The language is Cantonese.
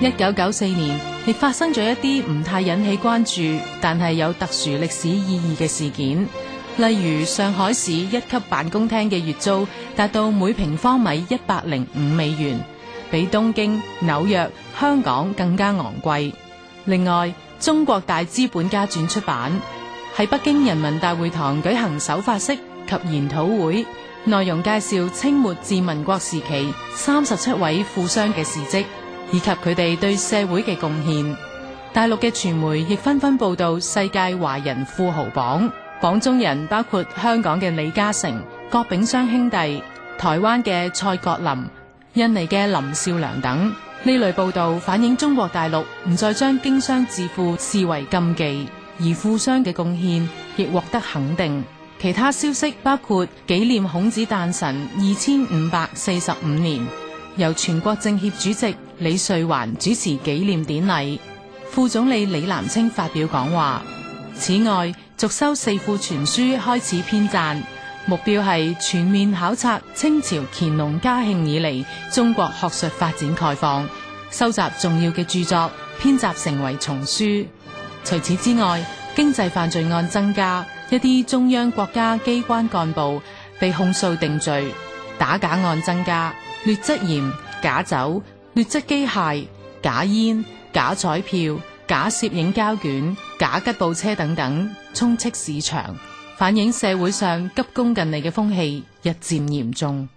一九九四年亦發生咗一啲唔太引起關注，但係有特殊歷史意義嘅事件，例如上海市一級辦公廳嘅月租達到每平方米一百零五美元，比東京、紐約、香港更加昂貴。另外，中國大資本家傳出版喺北京人民大會堂舉行首發式及研討會，內容介紹清末至民國時期三十七位富商嘅事跡。以及佢哋對社會嘅貢獻，大陸嘅傳媒亦紛紛報道世界華人富豪榜，榜中人包括香港嘅李嘉誠、郭炳湘兄弟、台灣嘅蔡國林、印尼嘅林少良等。呢類報道反映中國大陸唔再將經商致富視為禁忌，而富商嘅貢獻亦獲得肯定。其他消息包括紀念孔子誕辰二千五百四十五年，由全國政協主席。李瑞環主持紀念典禮，副總理李嵐清發表講話。此外，續修四庫全書開始編撰，目標係全面考察清朝乾隆、嘉慶以嚟中國學術發展概況，收集重要嘅著作，編集成為叢書。除此之外，經濟犯罪案增加，一啲中央國家機關幹部被控訴定罪，打假案增加，劣質鹽、假酒。劣質機械、假煙、假彩票、假攝影膠卷、假吉普車等等，充斥市場，反映社會上急功近利嘅風氣日漸嚴重。